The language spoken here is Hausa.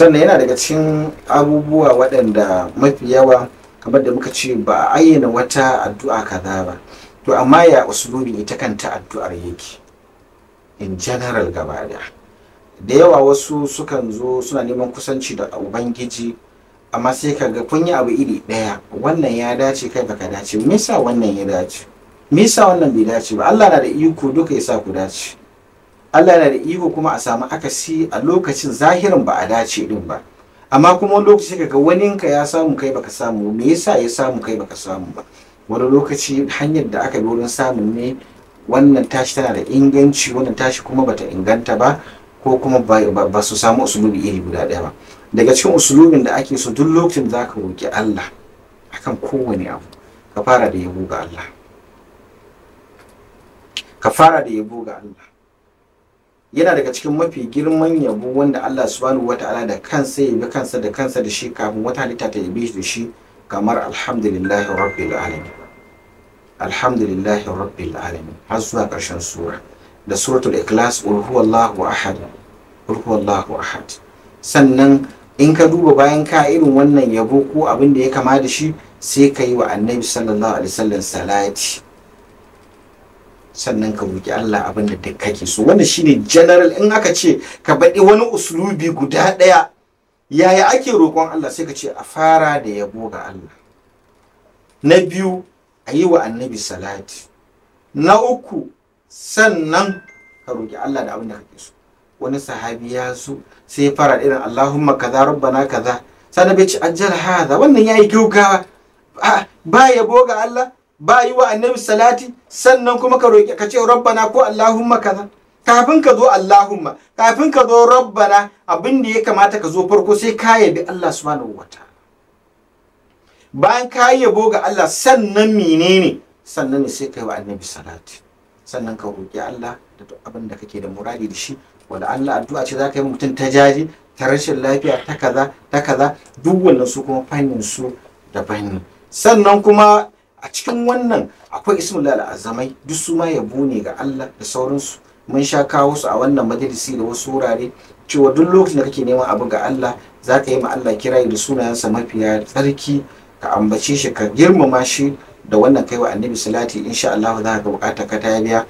sannan yana daga cikin abubuwa waɗanda mafi yawa kamar da muka ce ba a ayyana wata addu'a kaza ba to amma ya usulubin ita kanta addu'ar yake in general gaba da da yawa wasu sukan zo suna neman kusanci da ubangiji amma sai ka ga kun yi abu iri ɗaya wannan ya dace kai baka dace me yasa wannan ya dace me yasa wannan bai dace ba Allah na da iko duka yasa ku dace Allah yana da iko kuma a samu akasi a lokacin zahirin ba a dace din ba amma kuma wani lokaci ga waninka ya samu kai baka samu me yasa ya samu kai baka samu ba wani lokaci hanyar da aka bi wurin samun ne wannan tashi tana da inganci wannan tashi kuma bata inganta ba ko kuma ba su samu usulubi iri guda ɗaya ba daga cikin usulubin da ake so duk lokacin da zaka roki Allah akan kowane abu ka fara da yabo ga Allah ka fara da yabo ga Allah yana daga cikin mafi girman yabo wanda Allah subhanahu wata'ala da kansa ya bi kansa da kansa da shi kafin wata halitta ta yabe shi da shi kamar alhamdulillah rabbil alamin alhamdulillah rabbil alamin har zuwa karshen sura da suratul ikhlas qul huwallahu ahad qul huwallahu ahad sannan in ka duba bayan ka irin wannan yabo ko abin da ya kama da shi sai ka yi wa annabi sallallahu alaihi wasallam salati sannan ka roƙi Allah abin da kake so wannan shine general in aka ce ka baɗi wani uslubi guda ɗaya yaya ake roƙon Allah sai ka ce a fara da yabo ga Allah na biyu a yi wa annabi salati na uku sannan ka roki Allah da abin da kake so wani sahabi ya so sai ya fara irin Allahumma kaza rabbana kaza sannan bai ci ajjal hadha wannan yayi gaugawa ba yabo ga Allah ba yi wa annabi salati sannan kuma ka roƙi ka ce rabbana ko allahumma kaza kafin ka zo allahumma kafin ka zo rabbana abin da ya kamata ka zo farko sai ka yabi Allah subhanahu wata bayan ka yabo ga Allah sannan menene sannan ne sai ka yi wa annabi salati sannan ka roƙi Allah da duk abin da kake da muradi da shi wala Allah addu'a ce za ka yi mutum ta jaji ta rashin lafiya ta kaza ta kaza duk wannan su kuma fannin su daban ne sannan kuma a cikin wannan akwai ismullah al'azamai duk su ma yabo ne ga Allah da sauransu mun sha kawo su a wannan majalisi da wasu wurare cewa duk lokacin da kake neman abu ga Allah za ka yi ma Allah kirayi da sunayensa mafiya tsarki ka ambace shi ka girmama shi da wannan kaiwa annabi salati insha Allah za ka bukata ka ta biya